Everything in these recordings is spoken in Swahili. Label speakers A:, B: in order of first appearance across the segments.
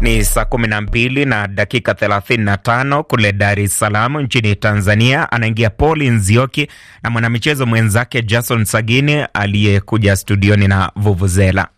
A: Ni saa 12 na dakika 35 kule Dar es Salaam nchini Tanzania. Anaingia Paul Nzioki na mwanamichezo mwenzake Jason Sagini aliyekuja studioni na Vuvuzela.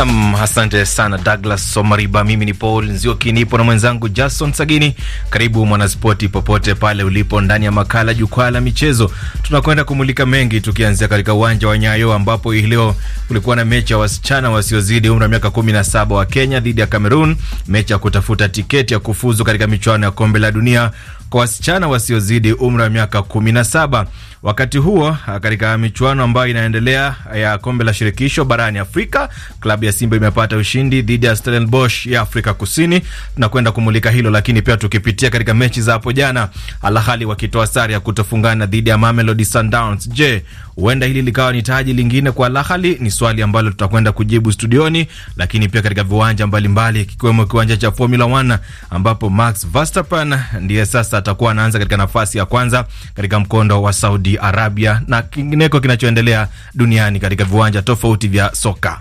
B: Nam, asante sana Douglas Somariba. Mimi ni Paul Nzioki, nipo na mwenzangu Jason Sagini. Karibu mwanaspoti, popote pale ulipo, ndani ya makala Jukwaa la Michezo. Tunakwenda kumulika mengi, tukianzia katika uwanja wa Nyayo ambapo hii leo kulikuwa na mechi ya wasichana wasiozidi umri wa miaka kumi na saba wa Kenya dhidi ya Cameroon, mechi ya kutafuta tiketi ya kufuzu katika michuano ya kombe la dunia kwa wasichana wasiozidi umri wa miaka kumi na saba. Wakati huo ah, katika michuano ambayo inaendelea ah, ya kombe la shirikisho barani Afrika, klabu ya Simba imepata ushindi dhidi ya Stellenbosch ya Afrika Kusini. Tunakwenda kumulika hilo, lakini pia tukipitia katika mechi za hapo jana, Al Ahly wakitoa sare ya kutofungana dhidi ya Mamelodi Sundowns. Je, huenda hili likawa ni taji lingine kwa Al Ahly? Ni swali ambalo tutakwenda kujibu studioni, lakini pia katika viwanja mbalimbali, kikiwemo kiwanja cha Formula 1 ambapo Max Verstappen ndiye sasa atakuwa anaanza katika nafasi ya kwanza katika mkondo wa Saudi Saudi Arabia na kingineko kinachoendelea duniani katika viwanja tofauti vya soka.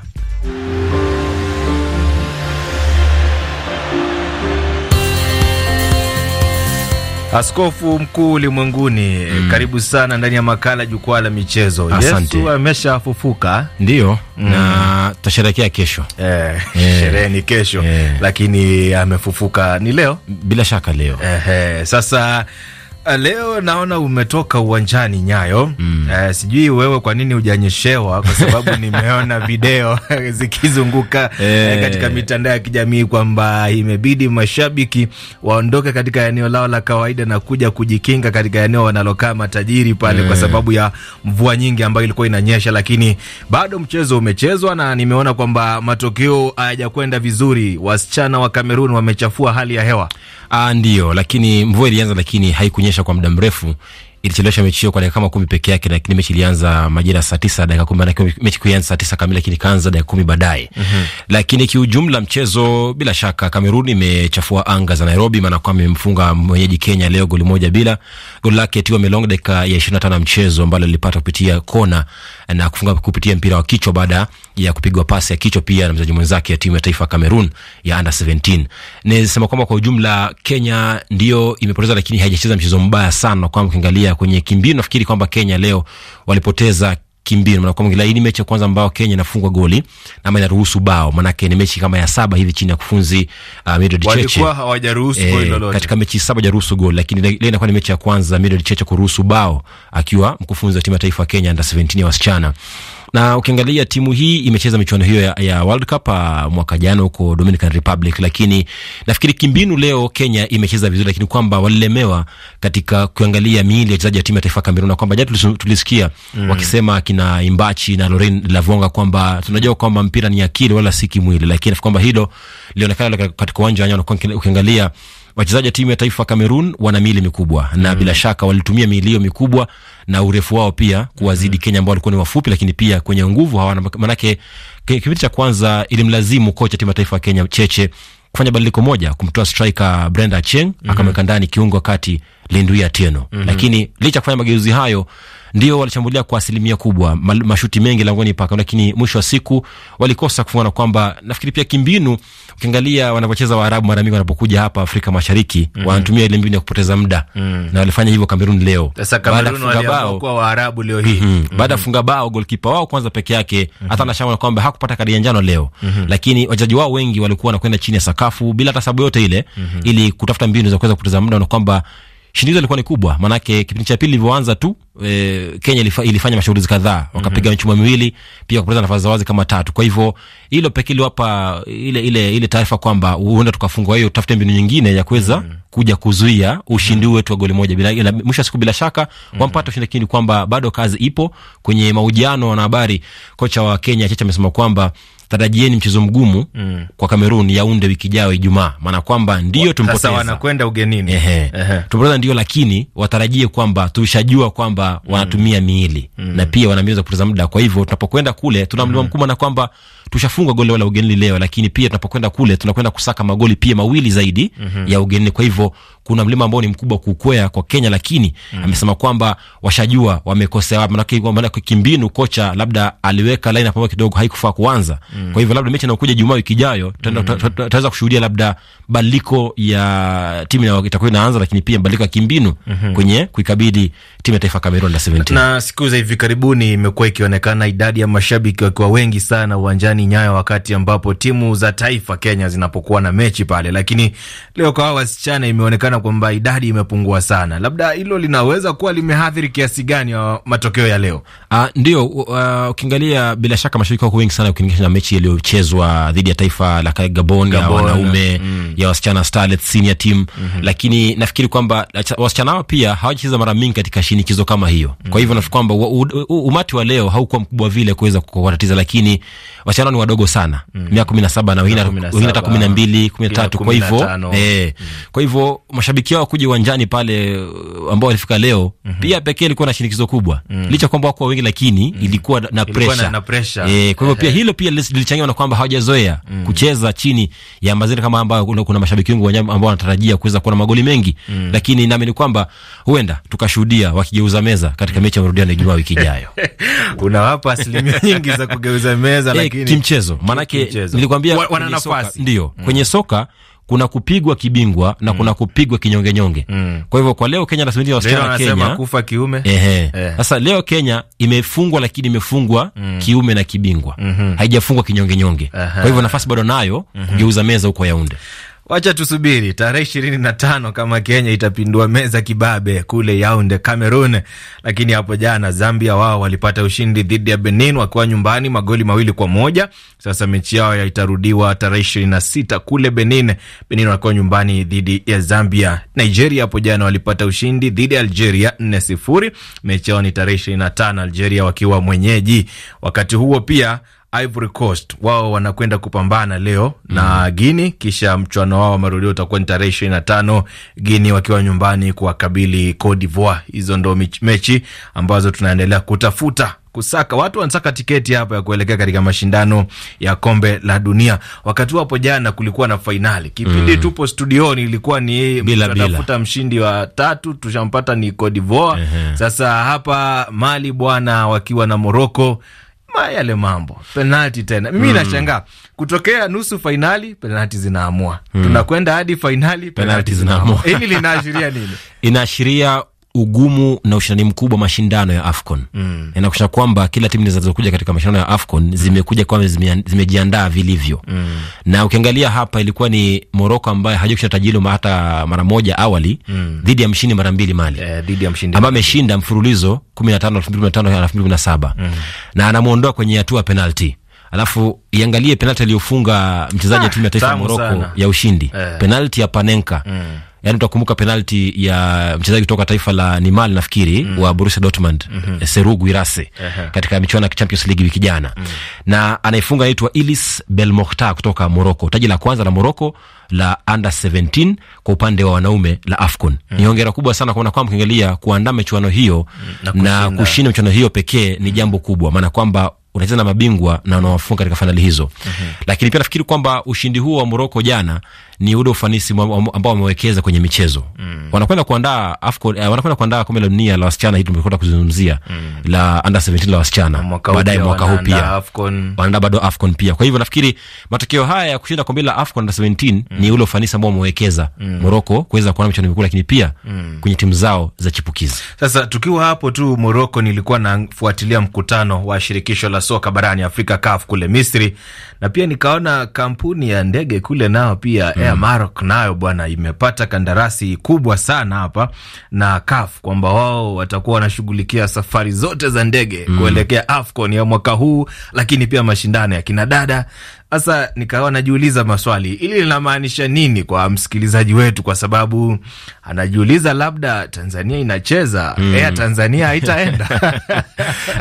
B: Askofu mkuu ulimwenguni, mm. Karibu sana ndani ya makala jukwaa la michezo. Yesu ameshafufuka ndio, mm. na tutasherekea kesho eh, eh, sherehe ni kesho eh, lakini amefufuka ni leo, bila shaka leo eh, eh, sasa Eh, leo naona umetoka uwanjani Nyayo. Mm. Uh, sijui wewe kwa nini hujanyeshewa, kwa sababu nimeona video zikizunguka eh, eh, katika mitandao ya kijamii kwamba imebidi mashabiki waondoke katika eneo lao la kawaida na kuja kujikinga katika eneo wanalokaa matajiri pale hey. kwa sababu ya mvua nyingi ambayo ilikuwa inanyesha, lakini bado mchezo umechezwa na nimeona kwamba matokeo hayajakwenda vizuri. Wasichana wa Kamerun wamechafua hali ya hewa Ah, ndio, lakini
C: mvua ilianza, lakini haikunyesha kwa muda mrefu ilichelewesha mechi hiyo kwa dakika kama kumi peke yake, lakini mechi ilianza majira saa tisa dakika kumi maanake mechi kuianza saa tisa kamili, lakini ikaanza dakika kumi baadaye. mm -hmm. Lakini kiujumla mchezo, bila shaka Kamerun imechafua anga za Nairobi, maana kwamba imemfunga mwenyeji Kenya leo goli moja bila. Goli lake Tiwa Melong dakika ya ishirini na tano ya mchezo ambalo lilipata kupitia kona na kufunga kupitia mpira wa kichwa baada ya kupigwa pasi ya kichwa pia na mchezaji mwenzake ya timu ya taifa ya Cameroon ya under 17. Nisema kwamba kwa ujumla Kenya ndio imepoteza, lakini haijacheza mchezo mbaya sana, kwa mkiangalia kwenye kimbio, nafikiri kwamba Kenya leo walipoteza kimbinu maana kwamba hii ni mechi ya kwanza ambayo Kenya inafungwa goli ama inaruhusu bao, maanake ni mechi kama ya saba hivi chini ya kufunzi uh, Medod Cheche walikuwa
B: hawajaruhusu e, goli eh, lolote
C: katika mechi saba hawajaruhusu goli, lakini leo inakuwa ni mechi ya kwanza Medod Cheche kuruhusu bao akiwa mkufunzi wa timu ya taifa ya Kenya under 17 ya wasichana na ukiangalia timu hii imecheza michuano hiyo ya, ya World Cup uh, mwaka jana huko Dominican Republic, lakini nafikiri kimbinu leo Kenya imecheza vizuri, lakini kwamba walilemewa katika kuangalia miili ya wachezaji wa timu ya taifa Kamerun, kwamba jana tulisikia mm. wakisema kina Imbachi na Lorin Lavonga kwamba tunajua kwamba mpira ni akili wala si kimwili, lakini kwamba hilo lilionekana katika uwanja wa ukiangalia wachezaji wa timu ya taifa Cameroon wana mili mikubwa na mm. bila shaka walitumia mili hiyo mikubwa na urefu wao pia kuwazidi mm. Kenya ambao walikuwa ni wafupi, lakini pia kwenye nguvu hawana. Manake kipindi cha kwanza ilimlazimu kocha timu ya taifa ya Kenya Cheche kufanya badiliko moja, kumtoa striker Brenda Cheng mm -hmm. akamweka ndani kiungo kati Lendui Atieno mm -hmm. Lakini licha kufanya mageuzi hayo ndio walishambulia kwa asilimia kubwa, Mal, mashuti mengi langoni paka, lakini mwisho wa siku walikosa kufunga, na kwamba nafikiri pia kimbinu, ukiangalia wanavyocheza Waarabu mara mingi wanapokuja hapa Afrika Mashariki mm -hmm. wanatumia ile mbinu ya kupoteza muda mm -hmm. na walifanya hivyo Kamerun leo. Sasa Kamerun waliamua
B: kwa Waarabu leo hii mm -hmm. mm
C: -hmm. baada ya kufunga bao golkipa wao kwanza peke yake mm -hmm. hata anashauri kwamba hakupata kadi ya njano leo mm -hmm. lakini wachezaji wao wengi walikuwa wanakwenda chini ya sakafu bila hata sababu yote ile mm -hmm. ili kutafuta mbinu za kuweza kupoteza muda na kwamba shinikizo ilikuwa ni kubwa, maanake kipindi cha pili ilivyoanza tu e, Kenya ilifa, ilifanya mashambulizi kadhaa mhm. wakapiga michuma mm -hmm. miwili pia kupoteza nafasi za wazi kama tatu. Kwa hivyo hilo pekee liwapa ile ile ile taarifa kwamba huenda tukafungwa, hiyo tafute mbinu nyingine ya kuweza mm -hmm. kuja kuzuia ushindi mm -hmm. wetu wa goli moja bila ila, mwisho wa siku bila shaka mm -hmm. wampata ushindi, lakini kwamba bado kazi ipo. Kwenye mahojiano na habari, kocha wa Kenya Cheche amesema kwamba tarajieni mchezo mgumu mm. kwa Kamerun Yaunde wiki ijayo Ijumaa, maana kwamba ndio tumpoteza, wanakwenda ugenini, tumpoteza ndio, lakini watarajie kwamba tushajua kwamba Mm. wanatumia miili mm. na pia wana mbinu za kupoteza muda. Kwa hivyo tunapokwenda kule tuna mlima mkubwa na kwamba tushafunga goli la ugenini leo, lakini pia tunapokwenda kule tunakwenda kusaka magoli pia mawili zaidi mm -hmm. ya ugenini. Kwa hivyo kuna mlima ambao ni mkubwa kukwea kwa Kenya, lakini mm. amesema kwamba washajua wamekosea wapi, manake kimbinu kocha labda aliweka line hapo kidogo haikufaa kuanza mm. kwa hivyo labda mechi inayokuja Jumaa wiki ijayo mm. tutaweza mm. kushuhudia labda badiliko ya timu itakuwa inaanza, lakini pia badiliko ya kimbinu mm -hmm. kwenye kuikabidi timu ya taifa Cameroon la 17 na,
B: na siku za hivi karibuni imekuwa ikionekana idadi ya mashabiki wakiwa wengi sana uwanjani Nyayo wakati ambapo timu za taifa Kenya zinapokuwa na mechi pale, lakini leo kwa wasichana imeonekana kuonekana kwamba idadi imepungua sana, labda hilo linaweza kuwa limeathiri kiasi gani wa uh, matokeo ya leo? Ah, uh, ndio ukiangalia, uh, bila shaka mashabiki wako wengi sana ukilinganisha na mechi iliyochezwa dhidi ya
C: taifa la Gabon, Gabon ya wanaume mm, ya wasichana Starlet senior team mm -hmm. Lakini nafikiri kwamba wasichana hao pia hawajacheza mara mingi katika shinikizo kama hiyo mm -hmm. Kwa hivyo nafikiri kwamba umati wa leo haukuwa mkubwa vile kuweza kuwatatiza, lakini wasichana ni wadogo sana mm -hmm. kumi na saba na wengine hata kumi na mbili kumi na tatu kwa hivyo eh, mm -hmm. kwa hivyo mashabiki wao kuja uwanjani pale uh, ambao walifika leo mm -hmm. pia pekee ilikuwa na shinikizo kubwa mm -hmm. licha kwamba wako wengi, lakini mm -hmm. ilikuwa na presha pressure eh, kwa hivyo pia eh, eh. hilo pia lilichangiwa na kwamba hawajazoea mm -hmm. kucheza chini ya mazingira kama ambayo kuna mashabiki wengi wanyama ambao wanatarajia kuweza kuona magoli mengi mm -hmm. lakini naamini kwamba huenda tukashuhudia wakigeuza meza katika mechi ya marudiano Ijumaa wiki ijayo. Unawapa asilimia nyingi za kugeuza meza, eh, lakini kimchezo, maanake nilikwambia, wana nafasi ndio mm. kwenye soka kuna kupigwa kibingwa na mm. kuna kupigwa kinyongenyonge mm. kwa hivyo kwa leo Kenya nasimamia wasichana Kenya
B: kufa kiume ehe. Eh.
C: Sasa leo Kenya imefungwa, lakini imefungwa mm. kiume na kibingwa mm -hmm. haijafungwa kinyongenyonge uh -huh. kwa hivyo nafasi bado
B: nayo mm -hmm. kugeuza meza huko Yaunde. Wacha tusubiri tarehe ishirini na tano kama Kenya itapindua meza kibabe kule Yaunde, Cameroon. Lakini hapo jana Zambia wao walipata ushindi dhidi ya Benin wakiwa nyumbani magoli mawili kwa moja. Sasa mechi yao itarudiwa tarehe ishirini na sita kule Benin. Benin wakiwa nyumbani dhidi ya Zambia. Nigeria hapo jana walipata ushindi dhidi ya Algeria nne sifuri. Mechi yao ni tarehe ishirini na tano Algeria wakiwa mwenyeji. Wakati huo pia Ivory Coast wao wanakwenda kupambana leo mm. na mm-hmm. Guini, kisha mchuano wao wa marudio utakuwa ni tarehe ishirini na tano, Guini wakiwa nyumbani kuwakabili Cote d'Ivoire. Hizo ndo mechi ambazo tunaendelea kutafuta kusaka watu wanasaka tiketi hapa ya kuelekea katika mashindano ya kombe la dunia. Wakati hapo jana kulikuwa na fainali kipindi mm. tupo studioni, ilikuwa ni tunatafuta mshindi wa tatu, tushampata ni Cote d'Ivoire. Sasa hapa Mali bwana wakiwa na Morocco yale mambo penalti tena, mimi hmm. nashangaa mm. Kutokea nusu fainali penalti zinaamua mm. Tunakwenda hadi fainali penalti zinaamua. Hili linaashiria nini?
C: Inaashiria ugumu na ushindani mkubwa mashindano ya AFCON mm. inakusha kwamba kila timu zinazokuja katika mashindano ya AFCON mm. zimekuja kwamba zime, vilivyo mm. na ukiangalia hapa ilikuwa ni Moroko ambaye hajakusha taji hata mara moja awali mm. dhidi ya mshindi mara mbili Mali eh, dhidi ya mshindi ambaye ameshinda mfululizo 15 2015 2017 mm. na anamuondoa kwenye hatua penalty. alafu iangalie penalty aliyofunga mchezaji wa ah, timu ya taifa ya Moroko ya ushindi eh. Penalty ya Panenka mm yani utakumbuka penalti ya mchezaji kutoka taifa la Nimal nafikiri mm. wa Borussia Dortmund mm -hmm. Eh, Serugu Irase uh -huh. katika michuano ya Champions League wiki jana mm. na anaifunga anaitwa Ilis Belmokhtar kutoka Morocco, taji la kwanza la Morocco la under 17 kwa upande wa wanaume la AFCON mm. ni hongera kubwa sana kuona kwamba ukiangalia kuandaa michuano hiyo mm. na kushinda michuano hiyo pekee ni mm. jambo kubwa, maana kwamba unacheza na mabingwa na unawafunga katika fainali hizo mm -hmm. Lakini pia nafikiri kwamba ushindi huo wa Moroko jana ni ule ufanisi ambao wamewekeza kwenye michezo mm. wanakwenda kuandaa AFCON eh, wanakwenda kuandaa kombe la dunia la wasichana, hii tumekuwa kuzungumzia mm. la under 17 la wasichana, baadaye mwaka huu pia wanaandaa bado AFCON pia. Kwa hivyo nafikiri matokeo haya ya kushinda kombe la AFCON under 17 mm. ni ule ufanisi ambao wamewekeza mm. Morocco kuweza kuona michezo mikuu, lakini pia
D: mm.
B: kwenye timu zao za chipukizi. Sasa tukiwa hapo tu Morocco, nilikuwa nafuatilia mkutano wa shirikisho la soka barani Afrika CAF kule Misri, na pia nikaona kampuni ya ndege kule nao pia mm ya Maroc nayo bwana imepata kandarasi kubwa sana hapa na CAF kwamba wao watakuwa wanashughulikia safari zote za ndege mm. kuelekea AFCON ya mwaka huu, lakini pia mashindano ya kinadada. Sasa nikawa najiuliza maswali, ili linamaanisha nini kwa msikilizaji wetu, kwa sababu anajiuliza labda Tanzania inacheza mm. Air Tanzania haitaenda.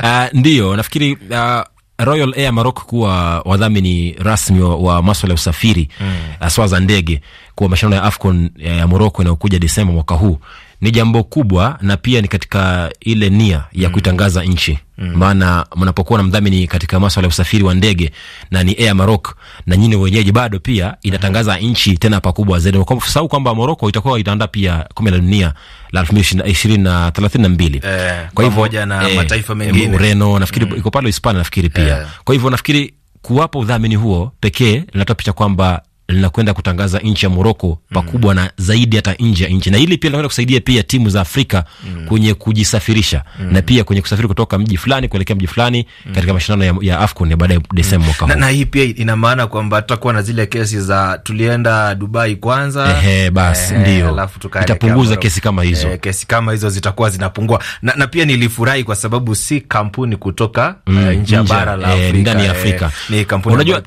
B: Uh,
C: ndio nafikiri uh, Royal Air Maroc kuwa wadhamini rasmi wa, maswala ya usafiri mm. aswa za ndege kwa mashindano ya AFCON eh, ya Morocco inayokuja Desemba mwaka huu ni jambo kubwa, na pia ni katika ile nia ya mm. kuitangaza nchi Mm. maana mm. mnapokuwa na mdhamini katika maswala ya usafiri wa ndege na ni Air Maroc na nyinyi wenyeji bado pia inatangaza mm. nchi tena pakubwa zaidi, kwa sababu kwamba Morocco itakuwa itaandaa pia kombe la dunia la 2032
B: eh, kwa hivyo na eh, mataifa mengine Ureno
C: nafikiri mm. iko pale Hispania nafikiri pia eh. kwa hivyo nafikiri kuwapo udhamini huo pekee linatoa picha kwamba linakwenda kutangaza nchi ya Moroko pakubwa mm. na zaidi hata nje ya nchi, na hili pia linakwenda kusaidia pia timu za Afrika mm. kwenye kujisafirisha mm. na pia kwenye kusafiri kutoka mji fulani kuelekea mji fulani mm. katika mashindano ya, ya AFCON ya baada ya Desemba mwaka huu. Na na
B: hii pia ina maana kwamba tutakuwa na zile kesi za tulienda Dubai kwanza, ehe, basi ndio itapunguza kesi kama hizo. Ehe, kesi kama hizo zitakuwa zinapungua na, na pia nilifurahi kwa sababu si kampuni kutoka mm. Eh, nje ya bara la eh, Afrika, ndani ya eh, Afrika. ni kampuni. Unajua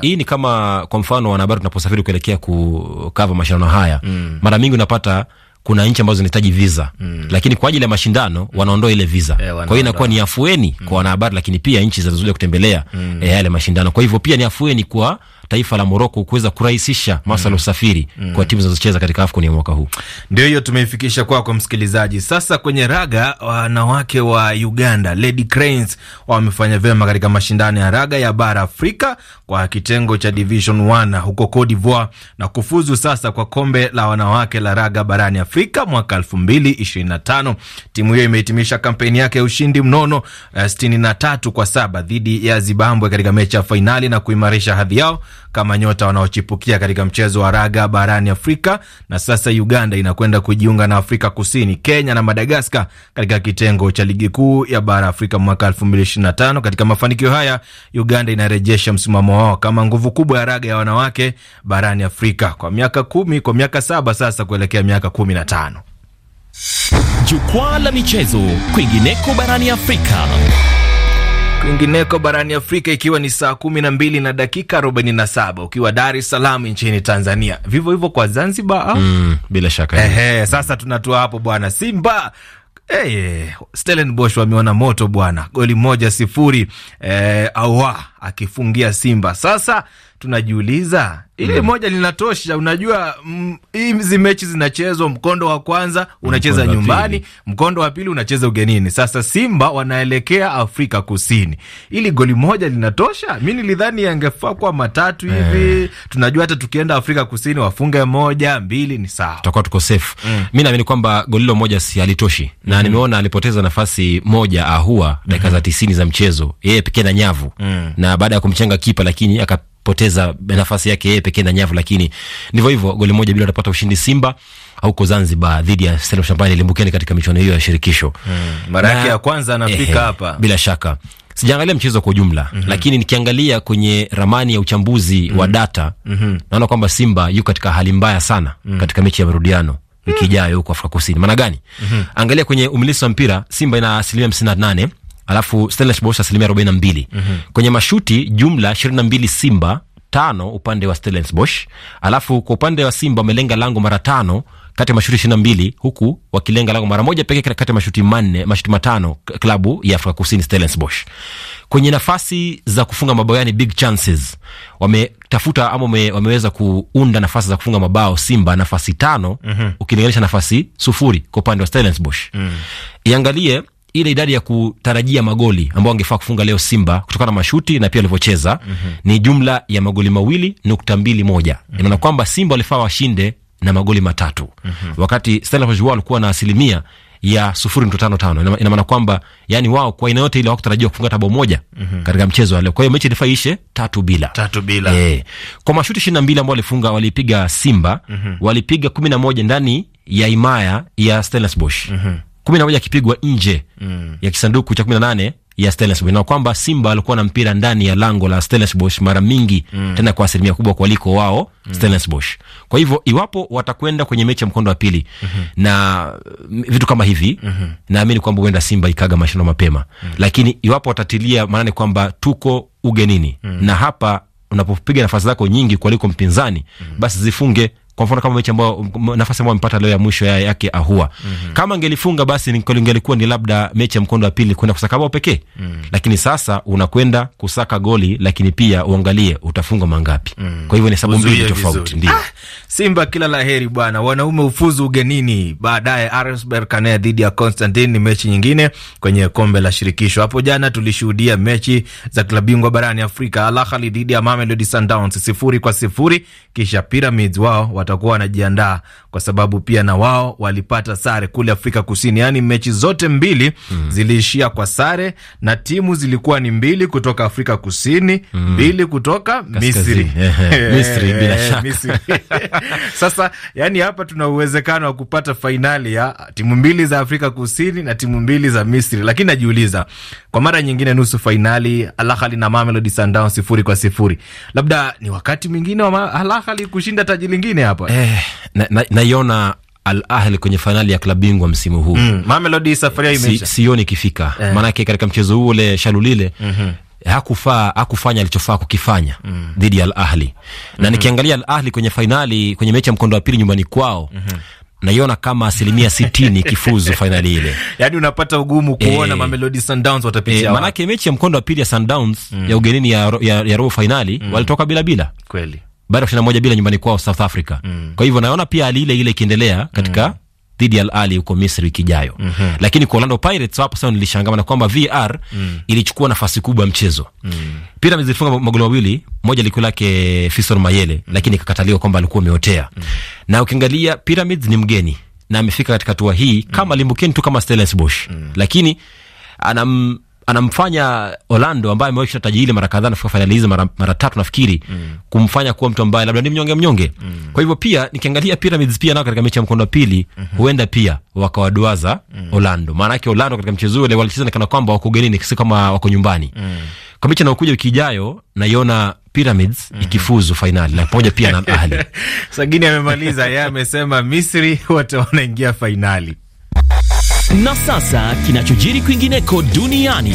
B: hii ni
C: kama kwa mfano mfano wanahabari tunaposafiri kuelekea kukava mashindano haya mm. mara mingi unapata kuna nchi ambazo zinahitaji visa mm. lakini kwa ajili ya mashindano mm. wanaondoa ile visa e, kwa hiyo inakuwa ni afueni mm. kwa wanahabari, lakini pia nchi zinazozuia kutembelea mm. e, yale mashindano. Kwa hivyo pia ni afueni kwa
B: taifa la Moroko kuweza kurahisisha masuala ya mm-hmm. usafiri mm. kwa mm-hmm. timu zinazocheza katika AFCON ya mwaka huu. Ndio hiyo tumeifikisha kwako kwa msikilizaji. Sasa kwenye raga, wanawake wa Uganda Lady Cranes wamefanya vyema katika mashindano ya raga ya bara Afrika kwa kitengo cha Division 1 huko Cote d'Ivoire na kufuzu sasa kwa kombe la wanawake la raga barani Afrika mwaka 2025. Timu hiyo imehitimisha kampeni yake ya ushindi mnono 63 eh, kwa saba dhidi ya Zimbabwe katika mechi ya fainali na kuimarisha hadhi yao kama nyota wanaochipukia katika mchezo wa raga barani Afrika, na sasa Uganda inakwenda kujiunga na Afrika Kusini, Kenya na Madagaskar katika kitengo cha ligi kuu ya bara Afrika mwaka 2025. Katika mafanikio haya, Uganda inarejesha msimamo wao kama nguvu kubwa ya raga ya wanawake barani Afrika kwa miaka kumi, kwa miaka saba sasa kuelekea miaka kumi na tano. Jukwaa la michezo kwingineko barani Afrika. Kwingineko barani Afrika, ikiwa ni saa 12 na dakika 47 ukiwa Dar es Salaam nchini Tanzania, vivyo hivyo kwa Zanzibar
C: ah? mm, bila shaka
B: ehe. Sasa tunatua hapo bwana Simba Hey, eh, Stellenbosch wameona moto bwana, goli moja sifuri. Eh, awa akifungia Simba sasa tunajiuliza ili mm. moja linatosha. Unajua mm, hizi mechi zinachezwa, mkondo wa kwanza unacheza mkondo nyumbani pili. mkondo wa pili unacheza ugenini. Sasa Simba wanaelekea Afrika Kusini, ili goli moja linatosha. Mi nilidhani yangefaa kuwa matatu eh. hivi eh. Tunajua hata tukienda Afrika Kusini wafunge moja mbili ni sawa,
C: tutakuwa tuko safe mm. mi naamini kwamba goli hilo moja si halitoshi mm na mm-hmm. nimeona alipoteza nafasi moja ahua dakika mm za tisini za mchezo, yeye pekee na nyavu mm. na baada ya kumchenga kipa lakini akap kupoteza nafasi yake yeye pekee na nyavu, lakini ndivyo hivyo, goli moja bila atapata ushindi. Simba huko Zanzibar dhidi ya Stella Mshambani limbukeni katika michuano hiyo ya shirikisho
B: hmm. mara yake ya kwanza anafika hapa
C: bila shaka sijaangalia mchezo kwa ujumla mm -hmm. Lakini nikiangalia kwenye ramani ya uchambuzi mm -hmm. wa mhm. data mm -hmm. naona kwamba Simba yuko katika hali mbaya sana mm -hmm. katika mechi ya marudiano wiki mhm. ijayo huko Afrika Kusini. Maana gani? mm -hmm. Angalia kwenye umilisi wa mpira Simba ina asilimia hamsini na nane alafu Stellenbosch Bosch asilimia arobaini na mbili mm -hmm. kwenye mashuti jumla ishirini na mbili Simba tano upande wa Stellenbosch, alafu kwa upande wa Simba wamelenga lango mara tano kati ya mashuti ishirini na mbili huku wakilenga lango mara moja pekee kati ya mashuti manne mashuti matano klabu ya Afrika Kusini Stellenbosch. Kwenye nafasi za kufunga mabao yani big chances wametafuta ama wame, wameweza kuunda nafasi za kufunga mabao Simba nafasi tano mm -hmm. ukilinganisha nafasi sufuri kwa upande wa Stellenbosch mm. Iangalie ile idadi ya kutarajia magoli ambao angefaa kufunga leo Simba kutokana na mashuti na pia walivyocheza mm -hmm. ni jumla ya magoli mawili nukta mbili moja mm -hmm. inaona kwamba Simba walifaa washinde na magoli matatu mm -hmm. wakati Stellenbosch wao walikuwa na asilimia ya sufuri nukta tano tano. Ina maana kwamba yani wao kwa aina yote ile hawakutarajiwa kufunga hata bao moja mm -hmm. katika mchezo wa leo. Kwa hiyo mechi ilifaa ishe tatu bila, tatu bila. E, kwa mashuti ishirini na mbili ambao walifunga walipiga Simba mm -hmm. walipiga kumi na moja ndani ya himaya ya Stellenbosch mm -hmm kumi na moja akipigwa nje mm. ya kisanduku cha kumi na nane ya Stellenbosch na kwamba Simba alikuwa na mpira ndani ya lango la Stellenbosch mara mingi mm. tena kwa asilimia kubwa kuliko wao mm. Stellenbosch. Kwa hivyo iwapo watakwenda kwenye mechi ya mkondo wa pili mhm. mm -hmm. na vitu kama hivi mm -hmm. naamini kwamba huenda Simba ikaga mashindano mapema mm -hmm. lakini iwapo watatilia maanani kwamba tuko ugenini mm -hmm. na hapa unapopiga nafasi zako nyingi kuliko mpinzani mm -hmm. basi zifunge kwa mfano kama mechi ambayo nafasi ambayo amepata leo ya mwisho ya yake Ahua, mm -hmm. kama angelifunga basi ingelikuwa ni labda mechi ya mkondo wa pili kwenda kusaka bao pekee mm -hmm. lakini sasa unakwenda kusaka goli, lakini pia uangalie utafunga mangapi mm
B: -hmm. kwa hivyo ni sababu mbili tofauti. Ndio ah, Simba kila laheri bwana, wanaume ufuzu ugenini. Baadaye RS Berkane dhidi ya Constantine ni mechi nyingine kwenye kombe la shirikisho. Hapo jana tulishuhudia mechi za klabu bingwa barani Afrika, Al Ahly dhidi ya Mamelodi Sundowns sifuri kwa sifuri, kisha Pyramids wao watakuwa wanajiandaa kwa sababu pia na wao walipata sare kule Afrika Kusini, yaani mechi zote mbili mm. ziliishia kwa sare na timu zilikuwa ni mbili kutoka Afrika Kusini mm. mbili kutoka Misri. Misri eh, bila eh, shaka. Sasa yani, hapa tuna uwezekano wa kupata fainali ya timu mbili za Afrika Kusini na timu mbili za Misri, lakini najiuliza kwa mara nyingine nusu fainali Al Ahly na Mamelodi Sundowns sifuri kwa sifuri, labda ni wakati mwingine wa Al Ahly kushinda taji lingine hapa eh, naiona eh, na, na Al Ahli
C: kwenye fainali ya klabu bingwa msimu huu mm.
B: Mamelodi safaria imeisha,
C: sioni ikifika eh. Maanake katika mchezo huu ule shalulile mm -hmm. Hakufaa, hakufanya alichofaa kukifanya mm. dhidi ya Al Ahli na mm -hmm. nikiangalia Al Ahli kwenye fainali kwenye mechi ya mkondo wa pili nyumbani kwao mm -hmm naiona kama asilimia sitini kifuzu fainali ile,
B: yani unapata ugumu kuona e, eh. Mamelodi Sundowns watapitia,
C: eh, maanake mechi ya mkondo wa pili ya Sundowns mm. ya ugenini ya, ya, ya robo fainali mm. walitoka bila bila kweli baada ya kushinda moja bila nyumbani kwao South Africa mm. Kwa hivyo naona pia hali ile ile ikiendelea katika mm dhidi ya Al Ahly huko Misri wiki ijayo. mm -hmm. Lakini kwa Orlando Pirates hapo sasa nilishangaa na kwamba VR mm. ilichukua nafasi kubwa ya mchezo. mm. Pyramids zilifunga magoli mawili, moja likuwa lake Fiston Mayele mm. lakini ikakataliwa kwamba alikuwa ameotea. mm. Na ukiangalia Pyramids ni mgeni na amefika katika hatua hii kama mm. limbukeni tu kama Stellenbosch. mm. Lakini anam anamfanya Orlando ambaye amewahi taji ile mara kadhaa, nafika fainali hizi mara, mara tatu nafikiri mm. kumfanya kuwa mtu ambaye labda ni mnyonge mnyonge mm. Kwa hivyo pia nikiangalia Pyramids pia nao katika mechi ya mkondo wa pili mm -hmm. huenda pia wakawaduaza mm. Orlando, maanake Orlando katika mchezo ule walicheza nikana kwamba wako ugenini, si kama wako nyumbani mm. Kwa mechi inayokuja wiki ijayo naiona Pyramids mm -hmm. ikifuzu
B: fainali na pamoja pia na Ahli. Sagini amemaliza yeye amesema Misri wote wanaingia fainali. Na sasa kinachojiri kwingineko duniani.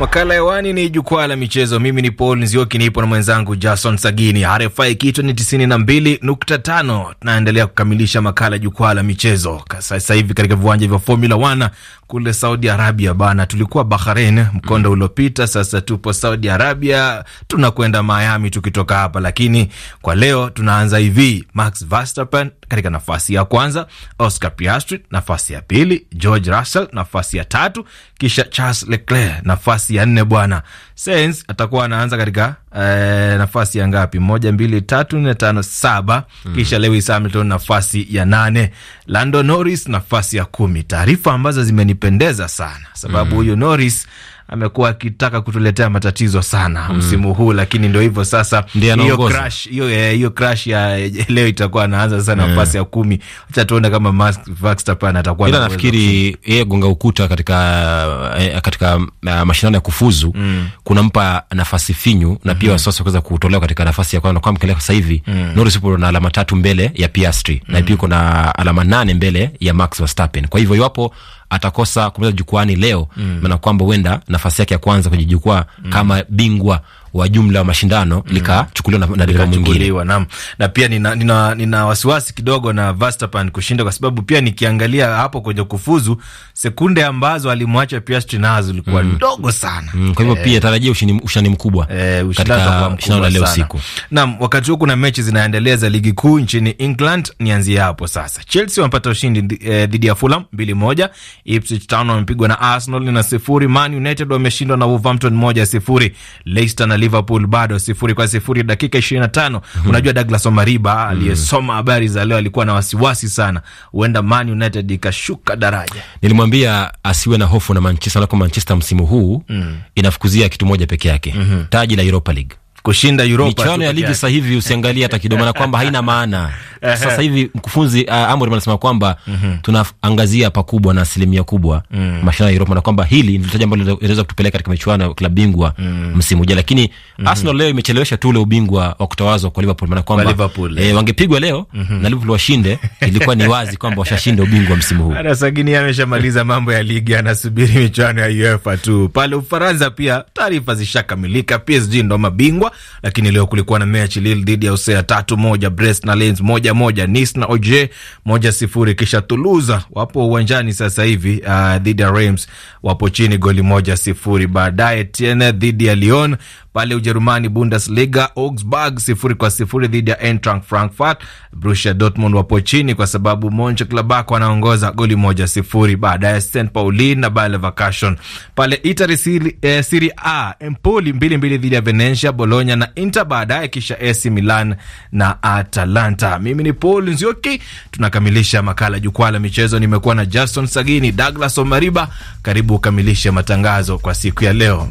B: Makala ya wani ni jukwaa la michezo. Mimi ni Paul Nzioki, nipo na mwenzangu Jason Sagini. RFI kitu ni 92.5. Tunaendelea kukamilisha makala ya jukwaa la michezo sasa hivi katika viwanja vya Formula 1 kule Saudi Arabia bana, tulikuwa Bahrain mkondo mhm. uliopita, sasa tupo Saudi Arabia, tunakwenda Miami tukitoka hapa. Lakini kwa leo tunaanza hivi: Max Verstappen katika nafasi ya kwanza, Oscar Piastri nafasi ya pili, George Russell nafasi ya tatu, kisha Charles Leclerc nafasi ya nne bwana Saints atakuwa anaanza katika eh, nafasi ya ngapi? Moja, mbili, tatu, nne, tano, saba. mm -hmm. Kisha Lewis Hamilton nafasi ya nane, Lando Norris nafasi ya kumi. Taarifa ambazo zimenipendeza sana sababu mm. huyu mm -hmm. Norris amekuwa akitaka kutuletea matatizo sana mm. msimu huu, lakini ndo hivyo sasa. Hiyo crash hiyo eh, hiyo crash ya eh, leo itakuwa anaanza sasa yeah. nafasi ya kumi. Acha tuone kama Max Verstappen atakuwa na, nafikiri
C: yeye gonga ukuta katika eh, katika uh, mashindano ya kufuzu mm. kunampa nafasi finyu na pia mm -hmm. sasa kuweza kutolewa katika nafasi ya kwanza kwa mkelea sasa hivi mm. Norris yupo na alama tatu mbele ya Piastri mm. na hmm. pia yuko na alama nane mbele ya Max Verstappen. Kwa hivyo iwapo atakosa kumaliza jukwani leo, mm. maana mm. kwamba huenda nafasi yake ya kwanza kwenye jukwaa mm. kama bingwa wa jumla wa mashindano mm. likachukuliwa na, na dereva mwingine
B: na, na pia nina, nina, nina wasiwasi kidogo na Verstappen kushinda kwa sababu pia nikiangalia hapo kwenye kufuzu sekunde ambazo alimwacha Piastri nazo ilikuwa mm.
A: ndogo sana
B: mm. kwa hivyo
C: eh, pia tarajia ushindani mkubwa eh, katika shindano la leo usiku.
B: Naam, wakati huu kuna mechi zinaendelea za ligi kuu nchini England. Nianzie hapo sasa. Chelsea wamepata ushindi eh, dhidi ya Fulham mbili moja. Ipswich Town wamepigwa na Arsenal na sifuri. Man United wameshindwa na Wolverhampton moja sifuri. Leicester na Liverpool bado sifuri kwa sifuri dakika ishirini na tano. Mhm. Unajua Douglas Omariba mhm. aliyesoma habari za leo alikuwa na wasiwasi sana, huenda Man United ikashuka daraja.
C: Nilimwambia asiwe na hofu na Manchester, kwa Manchester msimu huu mm. inafukuzia kitu moja peke yake mm -hmm. taji la Europa League kushinda Europa. Michuano ya ligi sasa hivi usiangalie hata kidogo, maana kwamba haina maana sasa hivi. Mkufunzi uh, Amorim anasema kwamba mm -hmm. tunaangazia pakubwa na asilimia kubwa mm. mashindano ya Europa na kwamba hili ndilo taji ambalo linaweza kutupeleka katika michuano ya klabu bingwa mm. msimu ujao, lakini mm -hmm. Arsenal leo imechelewesha tu ule ubingwa wa kutawazwa kwa Liverpool, maana kwamba Liverpool, eh, wangepigwa leo mm -hmm. na Liverpool washinde, ilikuwa ni wazi kwamba washashinda ubingwa msimu huu.
B: Ana Sagini ameshamaliza mambo ya ligi, anasubiri michuano ya UEFA tu pale Ufaransa. Pia taarifa zishakamilika, PSG ndo mabingwa lakini leo kulikuwa na mechi Lille dhidi ya Usea tatu moja, Brest na Lens moja moja, Nice na Oje moja sifuri, kisha Tuluza wapo uwanjani sasa hivi uh, dhidi uh, ya Reims wapo chini goli moja sifuri. Baadaye tn dhidi ya Lyon pale Ujerumani, Bundesliga, Augsburg sifuri kwa sifuri dhidi ya Eintracht Frankfurt. Borussia Dortmund wapo chini kwa sababu Monchengladbach wanaongoza goli moja sifuri. Baadaye St Paulin na Bayer Leverkusen. Pale Italy, eh, Serie A, Empoli mbili mbili dhidi ya Venezia, Bologna na Inter baadaye, kisha AC Milan na Atalanta. Mimi ni Paul Nzioki, tunakamilisha makala jukwaa la michezo. Nimekuwa na Jason Sagini, Douglas Omariba. Karibu ukamilishe matangazo kwa siku ya leo.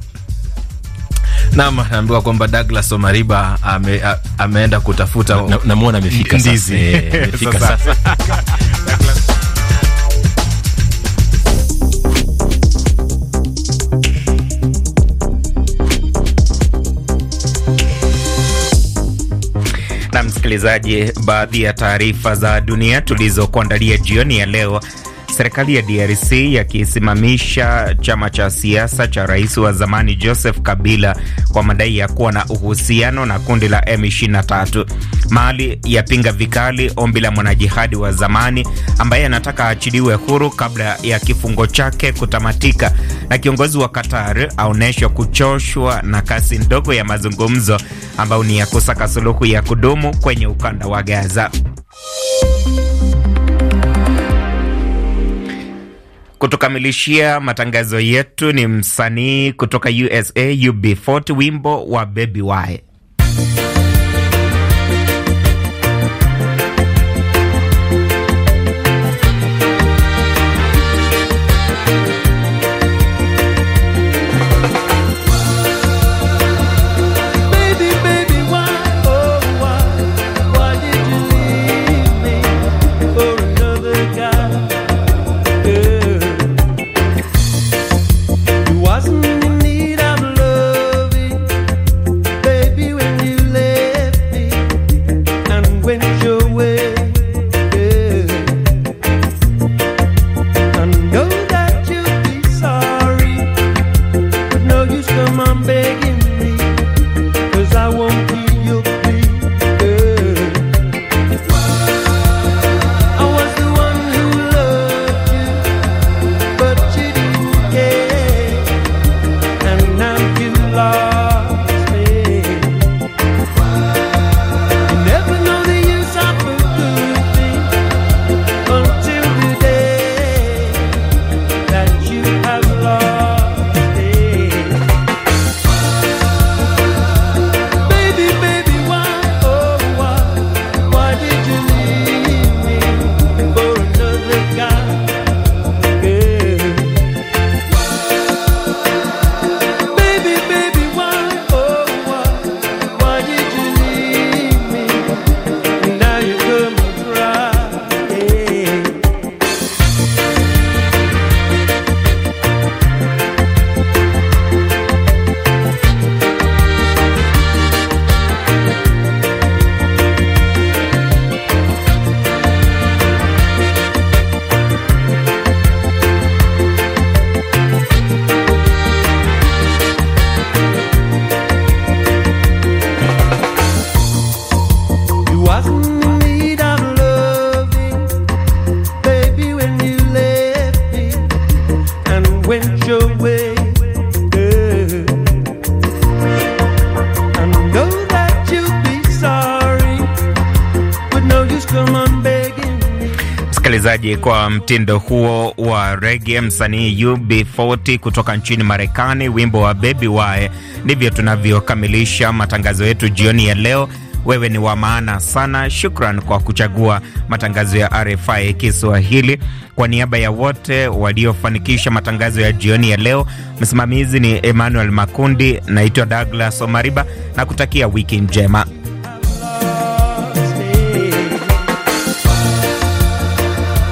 B: Naam, naambiwa kwamba Douglas Omariba ame, ameenda kutafuta namwona amefika ndizi eh, sasa.
A: Na msikilizaji, baadhi ya taarifa za dunia tulizokuandalia jioni ya leo Serikali ya DRC yakisimamisha chama cha siasa cha rais wa zamani Joseph Kabila kwa madai ya kuwa na uhusiano na kundi la M23. Mali yapinga vikali ombi la mwanajihadi wa zamani ambaye anataka aachiliwe huru kabla ya kifungo chake kutamatika, na kiongozi wa Qatar aonyeshwa kuchoshwa na kasi ndogo ya mazungumzo ambayo ni ya kusaka suluhu ya kudumu kwenye ukanda wa Gaza. Kutukamilishia matangazo yetu ni msanii kutoka USA UB40, wimbo wa Baby Why. msikilizaji, kwa mtindo huo wa rege, msanii UB40 kutoka nchini Marekani, wimbo wa Baby Why. Ndivyo tunavyokamilisha matangazo yetu jioni ya leo. Wewe ni wa maana sana. Shukran kwa kuchagua matangazo ya RFI Kiswahili. Kwa niaba ya wote waliofanikisha matangazo ya jioni ya leo, msimamizi ni Emmanuel Makundi, naitwa Douglas Omariba na kutakia wiki njema.